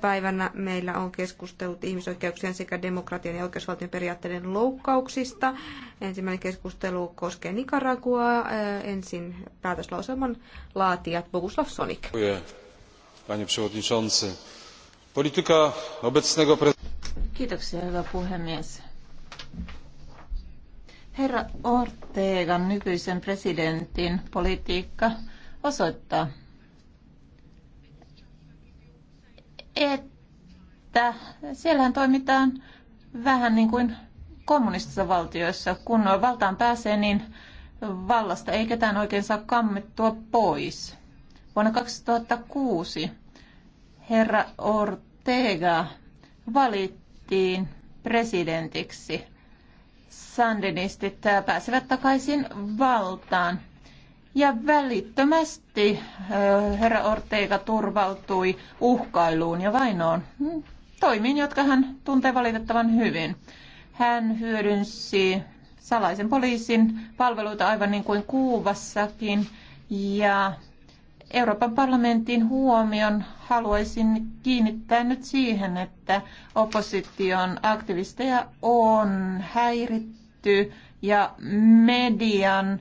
Päivänä meillä on keskustelut ihmisoikeuksien sekä demokratian ja oikeusvaltion periaatteiden loukkauksista. Ensimmäinen keskustelu koskee Nicaraguaa. Äh, ensin päätöslauselman laatijat Boguslav Sonik. Kiitoksia, hyvä puhemies. Herra Ortegan nykyisen presidentin politiikka osoittaa että siellähän toimitaan vähän niin kuin kommunistisissa valtioissa. Kun valtaan pääsee, niin vallasta ei ketään oikein saa kammettua pois. Vuonna 2006 herra Ortega valittiin presidentiksi. Sandinistit pääsevät takaisin valtaan. Ja välittömästi herra Ortega turvautui uhkailuun ja vainoon hmm, toimiin, jotka hän tuntee valitettavan hyvin. Hän hyödynsi salaisen poliisin palveluita aivan niin kuin Kuuvassakin ja Euroopan parlamentin huomion haluaisin kiinnittää nyt siihen, että opposition aktivisteja on häiritty ja median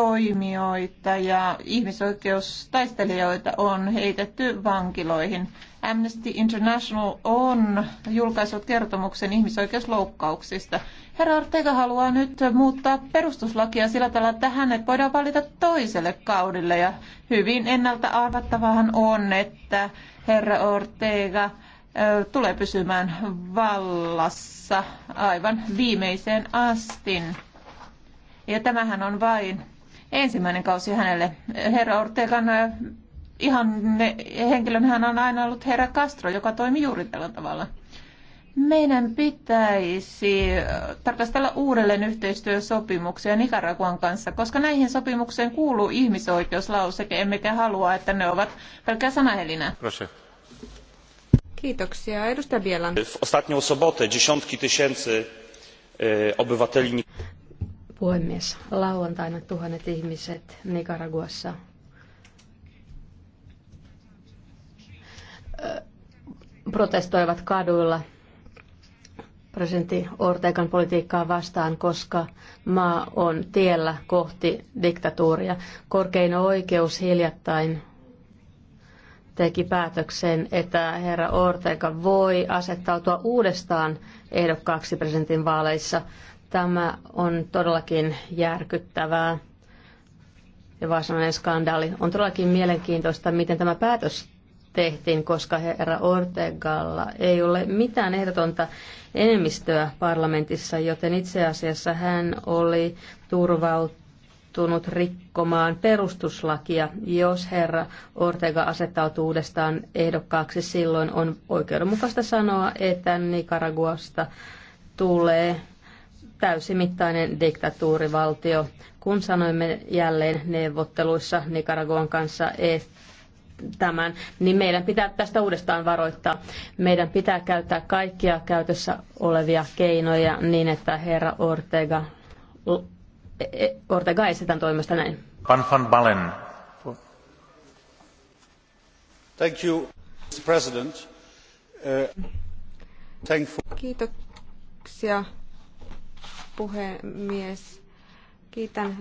toimijoita ja ihmisoikeustaistelijoita on heitetty vankiloihin. Amnesty International on julkaissut kertomuksen ihmisoikeusloukkauksista. Herra Ortega haluaa nyt muuttaa perustuslakia sillä tavalla, että hänet voidaan valita toiselle kaudelle. Ja hyvin ennalta arvattavahan on, että herra Ortega tulee pysymään vallassa aivan viimeiseen asti. Ja tämähän on vain ensimmäinen kausi hänelle. Herra Ortegan äh, ihan henkilön, hän on aina ollut herra Castro, joka toimi juuri tällä tavalla. Meidän pitäisi äh, tarkastella uudelleen yhteistyösopimuksia Nicaraguan kanssa, koska näihin sopimukseen kuuluu ihmisoikeuslauseke, emmekä halua, että ne ovat pelkkää sanahelinä. Kiitoksia. Edustaja Bielan. ostatnią sobotę dziesiątki tysięcy e, obywateli... Puhemies, lauantaina tuhannet ihmiset Nicaraguassa protestoivat kaduilla presidentti Ortegan politiikkaa vastaan, koska maa on tiellä kohti diktatuuria. Korkein oikeus hiljattain teki päätöksen, että herra Ortega voi asettautua uudestaan ehdokkaaksi presidentin vaaleissa. Tämä on todellakin järkyttävää ja varsinainen skandaali. On todellakin mielenkiintoista, miten tämä päätös tehtiin, koska herra Ortegalla ei ole mitään ehdotonta enemmistöä parlamentissa, joten itse asiassa hän oli turvautunut rikkomaan perustuslakia. Jos herra Ortega asettautuu uudestaan ehdokkaaksi, silloin on oikeudenmukaista sanoa, että Nicaraguasta tulee täysimittainen diktatuurivaltio, kun sanoimme jälleen neuvotteluissa Nicaraguan kanssa, että tämän, niin meidän pitää tästä uudestaan varoittaa. Meidän pitää käyttää kaikkia käytössä olevia keinoja niin, että herra Ortega, e- e- Ortega sitä toimesta näin. Van van Balen. Thank you, Mr. President. Uh, thank for... Kiitoksia puhemies. Kiitän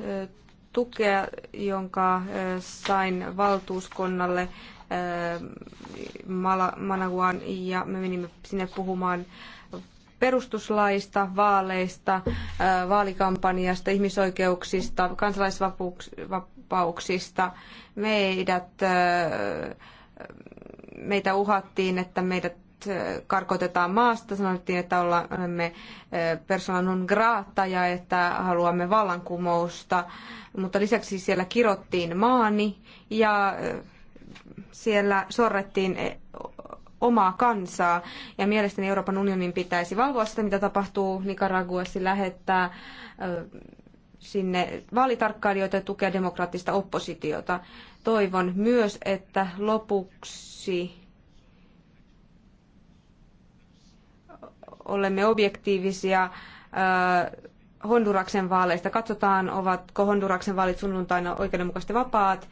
tukea, jonka sain valtuuskunnalle Managuan ja me menimme sinne puhumaan perustuslaista, vaaleista, vaalikampanjasta, ihmisoikeuksista, kansalaisvapauksista. Meidät, meitä uhattiin, että meidät Äh, karkotetaan maasta. Sanottiin, että olemme äh, persona non grata ja että haluamme vallankumousta, mutta lisäksi siellä kirottiin maani ja äh, siellä sorrettiin e, omaa kansaa. Ja mielestäni Euroopan unionin pitäisi valvoa sitä, mitä tapahtuu Nicaraguassa, lähettää sinne vaalitarkkailijoita ja tukea demokraattista oppositiota. Toivon myös, että lopuksi olemme objektiivisia äh, Honduraksen vaaleista. Katsotaan, ovatko Honduraksen vaalit sunnuntaina oikeudenmukaisesti vapaat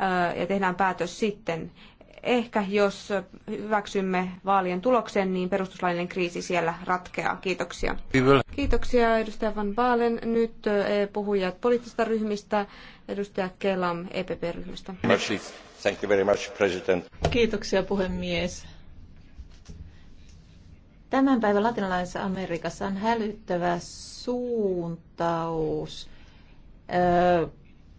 äh, ja tehdään päätös sitten. Ehkä jos hyväksymme vaalien tuloksen, niin perustuslaillinen kriisi siellä ratkeaa. Kiitoksia. Kiitoksia edustaja Van Baalen. Nyt äh, puhujat poliittisista ryhmistä. Edustaja Kelam EPP-ryhmästä. Kiitoksia puhemies Tämän päivän latinalaisessa Amerikassa on hälyttävä suuntaus öö,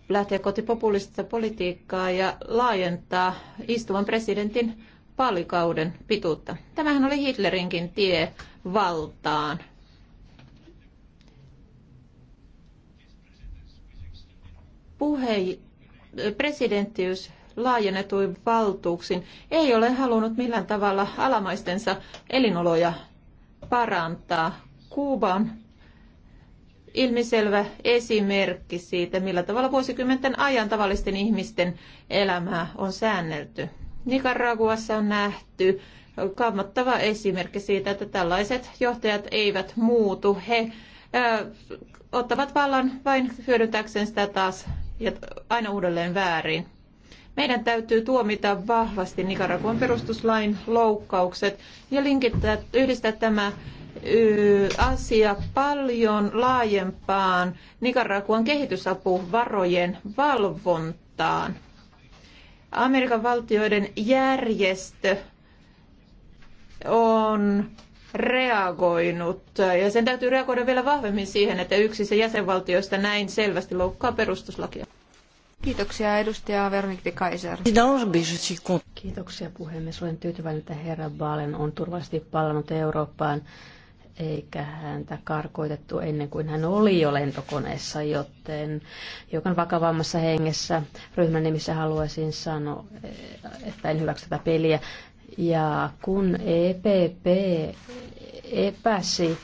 lähteä kohti populistista politiikkaa ja laajentaa istuvan presidentin palikauden pituutta. Tämähän oli Hitlerinkin tie valtaan. Puhe, presidenttiys laajennetuin valtuuksin ei ole halunnut millään tavalla alamaistensa elinoloja parantaa. Kuuba on ilmiselvä esimerkki siitä, millä tavalla vuosikymmenten ajan tavallisten ihmisten elämää on säännelty. Nicaraguassa on nähty kammottava esimerkki siitä, että tällaiset johtajat eivät muutu. He ö, ottavat vallan vain hyödyntäkseen sitä taas ja aina uudelleen väärin. Meidän täytyy tuomita vahvasti Nicaraguan perustuslain loukkaukset ja linkittää, yhdistää tämä asia paljon laajempaan Nicaraguan kehitysapuvarojen valvontaan. Amerikan valtioiden järjestö on reagoinut ja sen täytyy reagoida vielä vahvemmin siihen, että yksi se jäsenvaltioista näin selvästi loukkaa perustuslakia. Kiitoksia edustaja Veronikti Kaiser. Kiitoksia puhemies. Olen tyytyväinen, että herra Baalen on turvallisesti palannut Eurooppaan eikä häntä karkoitettu ennen kuin hän oli jo lentokoneessa, joten hiukan vakavammassa hengessä ryhmän nimissä haluaisin sanoa, että en hyväksy tätä peliä. Ja kun EPP epäsi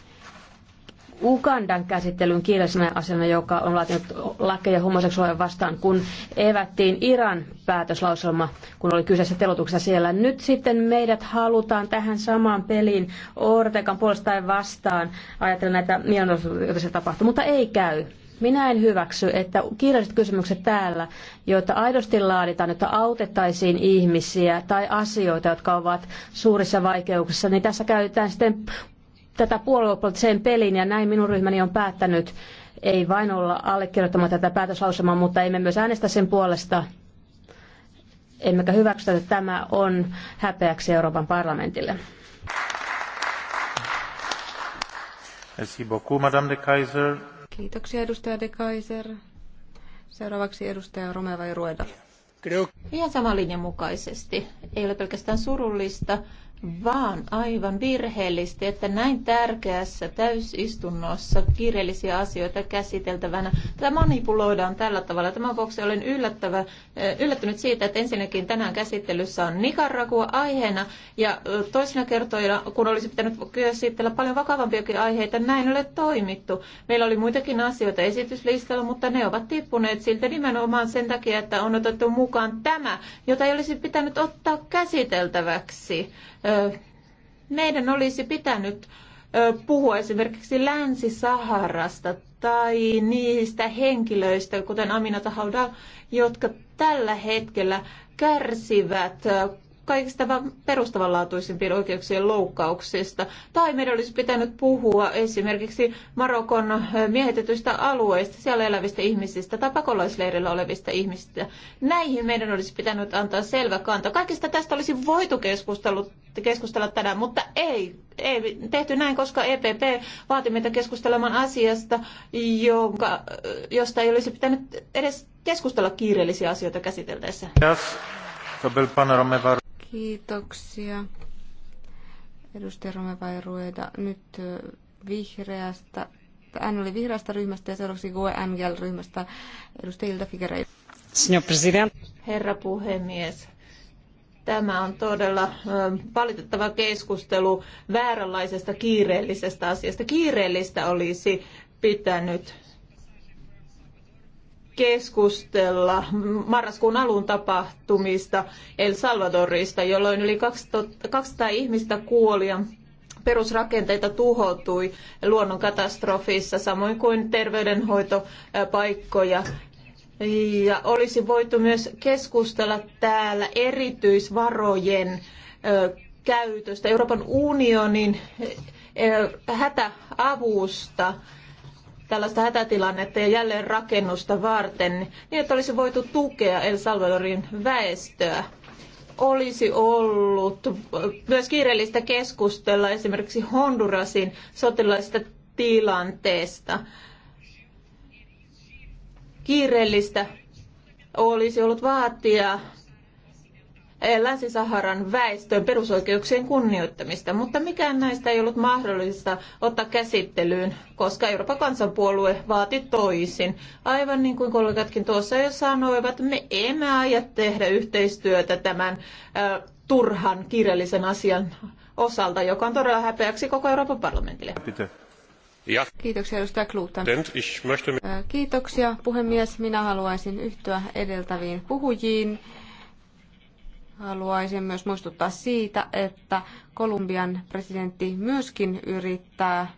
Ugandan käsittelyn kiireellisenä asiana, joka on laatinut lakeja homoseksuaalien vastaan, kun evättiin Iran päätöslauselma, kun oli kyseessä telotuksessa siellä. Nyt sitten meidät halutaan tähän samaan peliin Ortegan puolesta vastaan ajatella näitä mielenosoituksia, joita se tapahtuu, mutta ei käy. Minä en hyväksy, että kiireelliset kysymykset täällä, joita aidosti laaditaan, että autettaisiin ihmisiä tai asioita, jotka ovat suurissa vaikeuksissa, niin tässä käytetään sitten tätä puoluepoliittiseen peliin ja näin minun ryhmäni on päättänyt ei vain olla allekirjoittamatta tätä päätöslauselmaa, mutta emme myös äänestä sen puolesta. Emmekä hyväksy että tämä on häpeäksi Euroopan parlamentille. Merci beaucoup, Madame de Kaiser. Kiitoksia, edustaja de Kaiser. Seuraavaksi edustaja Romeva Rueda. Ihan saman linjan mukaisesti. Ei ole pelkästään surullista, vaan aivan virheellisesti, että näin tärkeässä täysistunnossa kiireellisiä asioita käsiteltävänä Tämä manipuloidaan tällä tavalla. Tämän vuoksi olen yllättävä, eh, yllättynyt siitä, että ensinnäkin tänään käsittelyssä on Nicaragua aiheena ja toisena kertoina, kun olisi pitänyt käsitellä paljon vakavampiakin aiheita, näin ole toimittu. Meillä oli muitakin asioita esityslistalla, mutta ne ovat tippuneet siltä nimenomaan sen takia, että on otettu mukaan tämä, jota ei olisi pitänyt ottaa käsiteltäväksi. Meidän olisi pitänyt puhua esimerkiksi Länsi-Saharasta tai niistä henkilöistä, kuten Aminata Hauda, jotka tällä hetkellä kärsivät kaikista perustavanlaatuisimpien oikeuksien loukkauksista. Tai meidän olisi pitänyt puhua esimerkiksi Marokon miehetetyistä alueista, siellä elävistä ihmisistä tai pakolaisleirillä olevista ihmisistä. Näihin meidän olisi pitänyt antaa selvä kanta. Kaikista tästä olisi voitu keskustella tänään, mutta ei, ei tehty näin, koska EPP vaati meitä keskustelemaan asiasta, jonka, josta ei olisi pitänyt edes keskustella kiireellisiä asioita käsiteltäessä. Yes. To byl Kiitoksia. Edustaja vai Rueda, nyt vihreästä. Hän oli vihreästä ryhmästä ja seuraavaksi GUE ryhmästä Edustaja Ilta Figerei. Herra puhemies, Tämä on todella valitettava keskustelu vääränlaisesta kiireellisestä asiasta. Kiireellistä olisi pitänyt keskustella marraskuun alun tapahtumista El Salvadorista, jolloin yli 200 ihmistä kuoli ja perusrakenteita tuhoutui luonnonkatastrofissa, samoin kuin terveydenhoitopaikkoja. Ja olisi voitu myös keskustella täällä erityisvarojen käytöstä, Euroopan unionin hätäavusta tällaista hätätilannetta ja jälleenrakennusta varten, niin että olisi voitu tukea El Salvadorin väestöä. Olisi ollut myös kiireellistä keskustella esimerkiksi Hondurasin sotilaista tilanteesta. Kiireellistä olisi ollut vaatia Eh, Länsi-Saharan väestön perusoikeuksien kunnioittamista, mutta mikään näistä ei ollut mahdollista ottaa käsittelyyn, koska Euroopan kansanpuolue vaati toisin. Aivan niin kuin kollegatkin tuossa jo sanoivat, me emme aja tehdä yhteistyötä tämän eh, turhan kirjallisen asian osalta, joka on todella häpeäksi koko Euroopan parlamentille. Ja. Kiitoksia edustaja Kluutan. Eh, kiitoksia puhemies. Minä haluaisin yhtyä edeltäviin puhujiin. Haluaisin myös muistuttaa siitä, että Kolumbian presidentti myöskin yrittää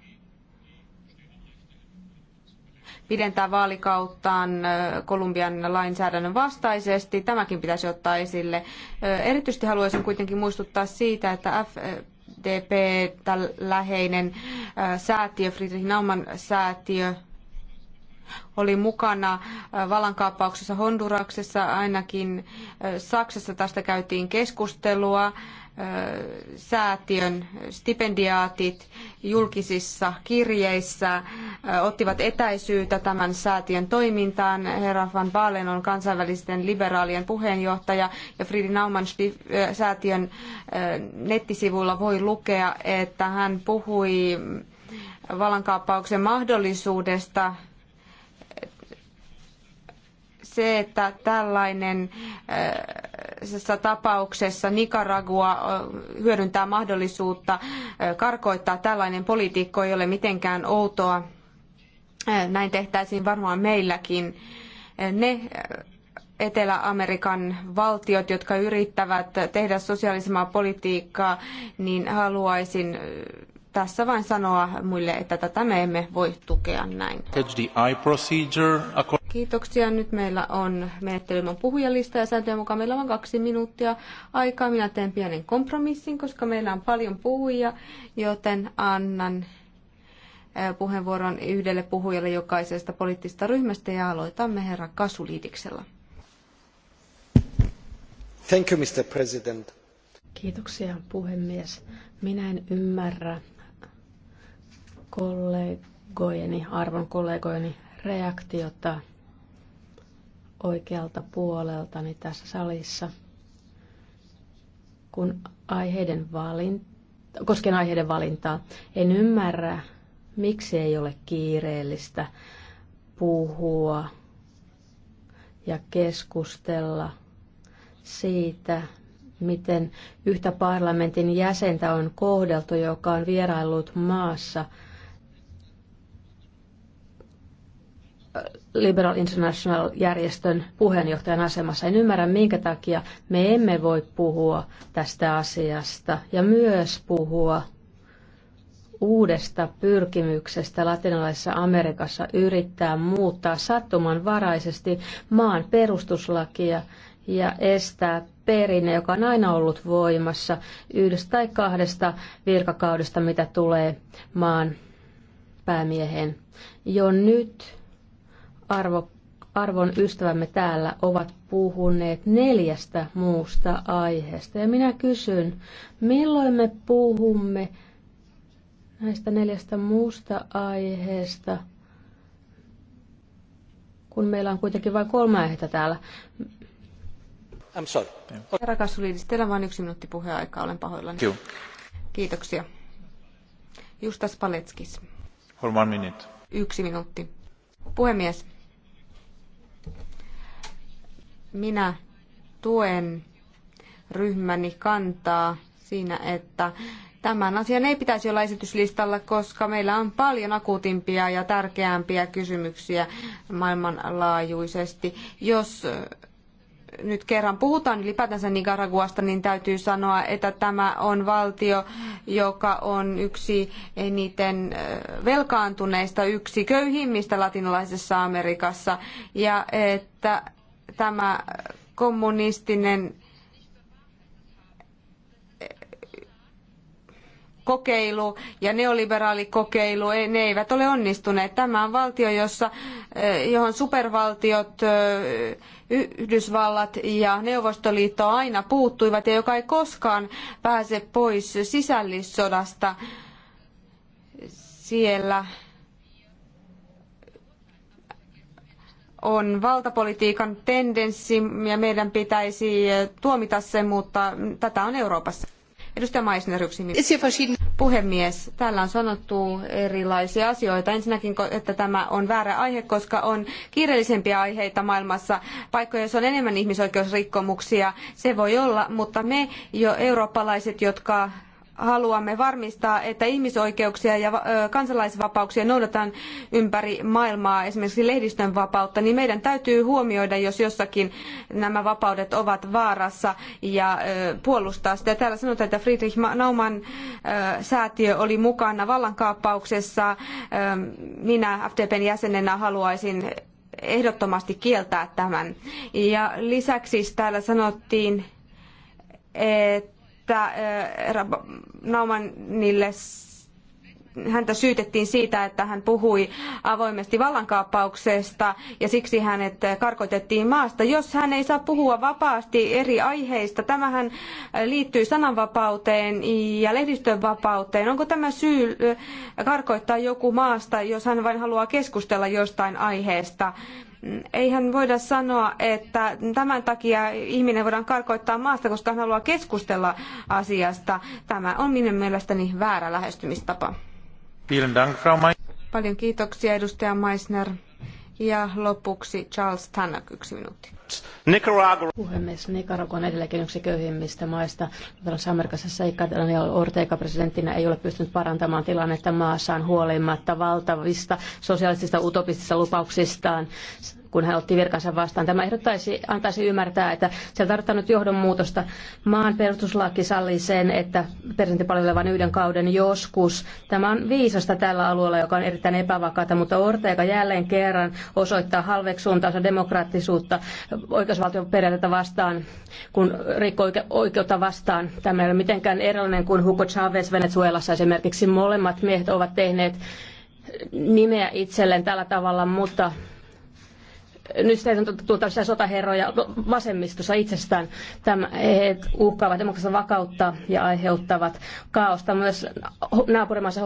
pidentää vaalikauttaan Kolumbian lainsäädännön vastaisesti. Tämäkin pitäisi ottaa esille. Erityisesti haluaisin kuitenkin muistuttaa siitä, että FDP, läheinen säätiö, Friedrich Naumann säätiö, oli mukana äh, vallankaappauksessa Honduraksessa, ainakin äh, Saksassa tästä käytiin keskustelua äh, säätiön stipendiaatit julkisissa kirjeissä ottivat etäisyyttä tämän säätiön toimintaan. Herra van Baalen on kansainvälisten liberaalien puheenjohtaja ja Fridi Nauman säätiön nettisivuilla voi lukea, että hän puhui vallankaappauksen mahdollisuudesta se, että tällainen äh, tapauksessa Nicaragua äh, hyödyntää mahdollisuutta äh, karkoittaa tällainen poliitikko ei ole mitenkään outoa. Näin tehtäisiin varmaan meilläkin. Ne Etelä-Amerikan valtiot, jotka yrittävät tehdä sosialismia politiikkaa, niin haluaisin tässä vain sanoa muille, että tätä me emme voi tukea näin. Kiitoksia. Nyt meillä on menettelymän puhujalista ja sääntöjen mukaan meillä on kaksi minuuttia aikaa. Minä teen pienen kompromissin, koska meillä on paljon puhujia, joten annan puheenvuoron yhdelle puhujalle jokaisesta poliittisesta ryhmästä ja aloitamme herra Kasuliidiksella. Thank you, Mr. President. Kiitoksia puhemies. Minä en ymmärrä kollegojeni, arvon kollegojeni reaktiota oikealta puoleltani tässä salissa, kun aiheiden valinta, koskien aiheiden valintaa. En ymmärrä, miksi ei ole kiireellistä puhua ja keskustella siitä, miten yhtä parlamentin jäsentä on kohdeltu, joka on vierailut maassa – Liberal International-järjestön puheenjohtajan asemassa. En ymmärrä, minkä takia me emme voi puhua tästä asiasta ja myös puhua uudesta pyrkimyksestä latinalaisessa Amerikassa yrittää muuttaa sattumanvaraisesti maan perustuslakia ja estää perinne, joka on aina ollut voimassa yhdestä tai kahdesta virkakaudesta, mitä tulee maan päämieheen. Jo nyt arvo, arvon ystävämme täällä ovat puhuneet neljästä muusta aiheesta. Ja minä kysyn, milloin me puhumme näistä neljästä muusta aiheesta, kun meillä on kuitenkin vain kolme aihetta täällä. I'm sorry. Herra Rakas teillä on vain yksi minuutti puheaikaa, olen pahoillani. Kiu. Kiitoksia. Justas Paletskis. For one minute. Yksi minuutti. Puhemies, minä tuen ryhmäni kantaa siinä, että tämän asian ei pitäisi olla esityslistalla, koska meillä on paljon akuutimpia ja tärkeämpiä kysymyksiä maailmanlaajuisesti. Jos eh, nyt kerran puhutaan ylipäätänsä Nicaraguasta, niin täytyy sanoa, että tämä on valtio, joka on yksi eniten eh, velkaantuneista, yksi köyhimmistä latinalaisessa Amerikassa, ja että tämä kommunistinen eh, kokeilu ja neoliberaalikokeilu, ne eivät ole onnistuneet. Tämä on valtio, jossa, eh, johon supervaltiot, eh, Yhdysvallat ja Neuvostoliitto aina puuttuivat ja joka ei koskaan pääse pois sisällissodasta siellä on valtapolitiikan tendenssi ja meidän pitäisi tuomita se, mutta tätä on Euroopassa. Edustaja Maisner, yksi Puhemies, täällä on sanottu erilaisia asioita. Ensinnäkin, että tämä on väärä aihe, koska on kiireellisempiä aiheita maailmassa. Paikkoja, joissa on enemmän ihmisoikeusrikkomuksia, se voi olla, mutta me jo eurooppalaiset, jotka haluamme varmistaa, että ihmisoikeuksia ja kansalaisvapauksia noudataan ympäri maailmaa, esimerkiksi lehdistön vapautta, niin meidän täytyy huomioida, jos jossakin nämä vapaudet ovat vaarassa ja puolustaa sitä. Täällä sanotaan, että Friedrich Naumann säätiö oli mukana vallankaappauksessa. Minä FDPn jäsenenä haluaisin ehdottomasti kieltää tämän. Ja lisäksi täällä sanottiin, että että eh, Naumanille häntä syytettiin siitä, että hän puhui avoimesti vallankaappauksesta ja siksi hänet karkotettiin maasta. Jos hän ei saa puhua vapaasti eri aiheista, tämähän liittyy sananvapauteen ja lehdistön vapauteen. Onko tämä syy eh, karkoittaa joku maasta, jos hän vain haluaa keskustella jostain aiheesta? Eihän voida sanoa, että tämän takia ihminen voidaan karkoittaa maasta, koska hän haluaa keskustella asiasta. Tämä on minun mielestäni väärä lähestymistapa. Paljon kiitoksia edustaja Meissner. Ja lopuksi Charles Tannock, yksi minuutti. Nicaragua... Puhemies, Nicaragua on edelleenkin yksi köyhimmistä maista. Latinalaisessa Amerikassa seikka ja Ortega presidenttinä ei ole pystynyt parantamaan tilannetta maassaan huolimatta valtavista sosiaalisista utopistisista lupauksistaan kun hän otti virkansa vastaan. Tämä ehdottaisi, antaisi ymmärtää, että se tarvitaan nyt johdonmuutosta. Maan perustuslaki sallii sen, että presidentti palvelee vain yhden kauden joskus. Tämä on viisasta tällä alueella, joka on erittäin epävakaata, mutta Ortega jälleen kerran osoittaa halveksuuntaansa demokraattisuutta, oikeusvaltion periaatetta vastaan, kun rikkoi oikeutta vastaan. Tämä ei ole mitenkään erilainen kuin Hugo Chavez Venezuelassa esimerkiksi. Molemmat miehet ovat tehneet nimeä itselleen tällä tavalla, mutta nyt on tuntuu tällaisia sotaherroja vasemmistossa itsestään. Tämä, he uhkaavat demokratista vakautta ja aiheuttavat kaaosta myös naapurimaassa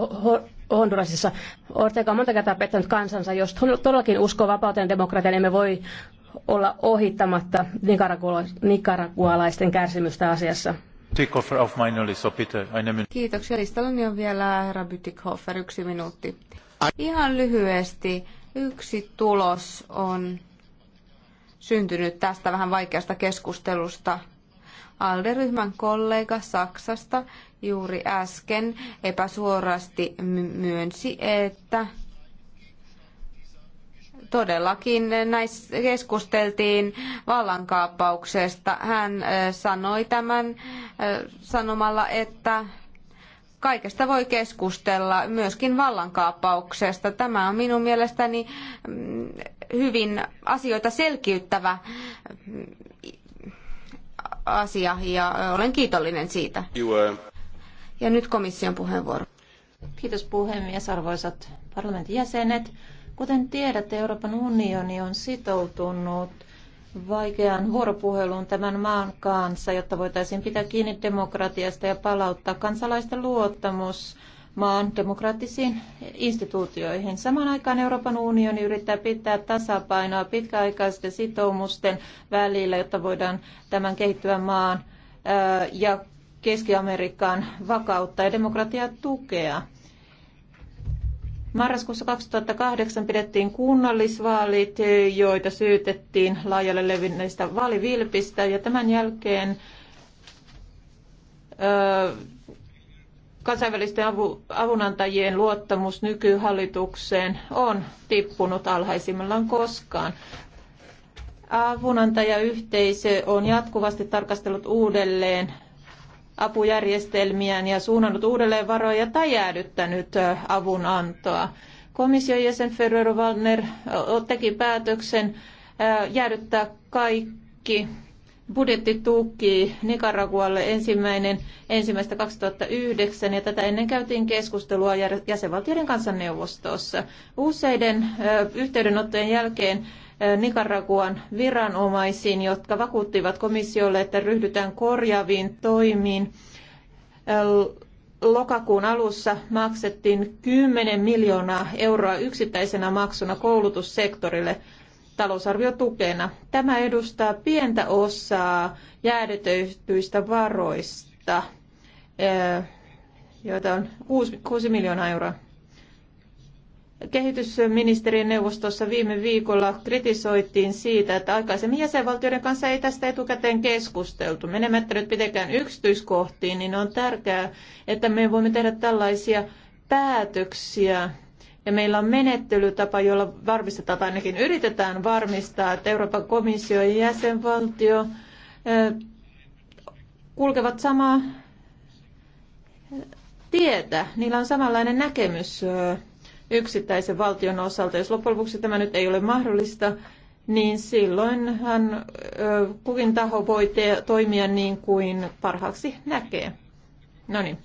Hondurasissa. Ortega on monta kertaa pettänyt kansansa. Jos todellakin uskoo vapauteen ja demokratiaan, niin emme voi olla ohittamatta nikaragualaisten kärsimystä asiassa. Kiitoksia. Listallani on vielä herra Bütikhofer, yksi minuutti. Ihan lyhyesti, yksi tulos on syntynyt tästä vähän vaikeasta keskustelusta. Alderyhmän ryhmän kollega Saksasta juuri äsken epäsuorasti myönsi, että todellakin näissä keskusteltiin vallankaappauksesta. Hän sanoi tämän sanomalla, että kaikesta voi keskustella, myöskin vallankaappauksesta. Tämä on minun mielestäni mm, hyvin asioita selkiyttävä mm, asia ja olen kiitollinen siitä. Ja nyt komission puheenvuoro. Kiitos puhemies, arvoisat parlamentin jäsenet. Kuten tiedätte, Euroopan unioni on sitoutunut vaikeaan vuoropuheluun tämän maan kanssa, jotta voitaisiin pitää kiinni demokratiasta ja palauttaa kansalaisten luottamus maan demokraattisiin instituutioihin. Samaan aikaan Euroopan unioni yrittää pitää tasapainoa pitkäaikaisten sitoumusten välillä, jotta voidaan tämän kehittyvän maan ja Keski-Amerikan vakautta ja demokratiaa tukea. Marraskuussa 2008 pidettiin kunnallisvaalit, joita syytettiin laajalle levinneistä vaalivilpistä ja tämän jälkeen ö, kansainvälisten avu, avunantajien luottamus nykyhallitukseen on tippunut alhaisimmillaan koskaan. Avunantajayhteisö on jatkuvasti tarkastellut uudelleen apujärjestelmiään ja suunnannut uudelleen varoja tai jäädyttänyt avun antoa. Komission jäsen Ferrero Wallner teki päätöksen jäädyttää kaikki budjettituki Nicaragualle ensimmäinen ensimmäistä 2009 ja tätä ennen käytiin keskustelua jäsenvaltioiden kanssa neuvostossa. Useiden yhteydenottojen jälkeen Nicaraguan viranomaisiin, jotka vakuuttivat komissiolle, että ryhdytään korjaaviin toimiin. Lokakuun alussa maksettiin 10 miljoonaa euroa yksittäisenä maksuna koulutussektorille talousarviotukena. Tämä edustaa pientä osaa jäädetöityistä varoista, joita on 6 miljoonaa euroa. Kehitysministerien neuvostossa viime viikolla kritisoitiin siitä, että aikaisemmin jäsenvaltioiden kanssa ei tästä etukäteen keskusteltu. Menemättä nyt mitenkään yksityiskohtiin, niin on tärkeää, että me voimme tehdä tällaisia päätöksiä ja meillä on menettelytapa, jolla varmistetaan, tai ainakin yritetään varmistaa, että Euroopan komissio ja jäsenvaltio kulkevat samaa tietä. Niillä on samanlainen näkemys yksittäisen valtion osalta. Jos loppujen lopuksi tämä nyt ei ole mahdollista, niin silloin ö, kukin taho voi te- toimia niin kuin parhaaksi näkee. No niin.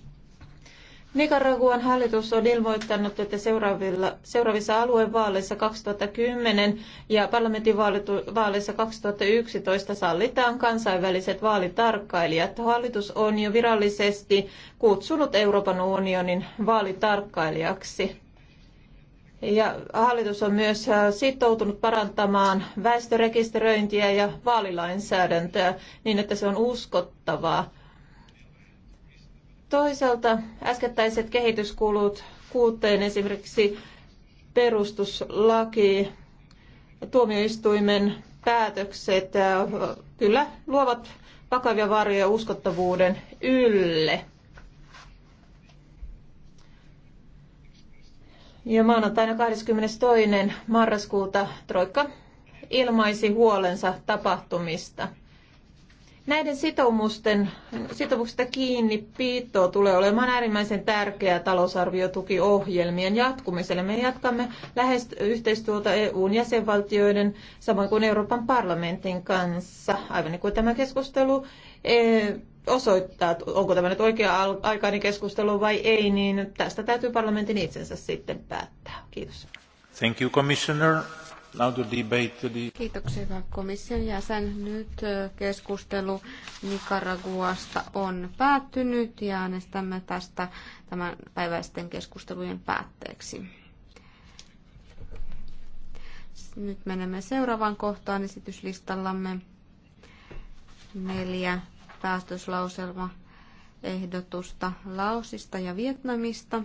Nicaraguan hallitus on ilmoittanut, että seuraavilla, seuraavissa aluevaaleissa 2010 ja parlamentinvaaleissa 2011 sallitaan kansainväliset vaalitarkkailijat. Hallitus on jo virallisesti kutsunut Euroopan unionin vaalitarkkailijaksi. Ja hallitus on myös äh, sitoutunut parantamaan väestörekisteröintiä ja vaalilainsäädäntöä niin, että se on uskottavaa. Toisaalta äskettäiset kehityskulut kuuteen esimerkiksi perustuslaki, tuomioistuimen päätökset äh, kyllä luovat vakavia varjoja uskottavuuden ylle. Ja maanantaina 22. marraskuuta Troikka ilmaisi huolensa tapahtumista. Näiden sitoumusten, sitoumuksista kiinni piitto tulee olemaan äärimmäisen tärkeää talousarviotukiohjelmien jatkumiselle. Me jatkamme lähes yhteistyötä EUn jäsenvaltioiden samoin kuin Euroopan parlamentin kanssa. Aivan niin kuin tämä keskustelu eh, osoittaa, onko tämä nyt oikea aikainen keskustelu vai ei, niin tästä täytyy parlamentin itsensä sitten päättää. Kiitos. Thank you, Commissioner. Now to debate the... Kiitoksia, hyvä komission jäsen. Nyt keskustelu Nicaraguasta on päättynyt ja äänestämme tästä tämän päiväisten keskustelujen päätteeksi. Nyt menemme seuraavaan kohtaan esityslistallamme. Neljä päästöslauselma ehdotusta Laosista ja Vietnamista.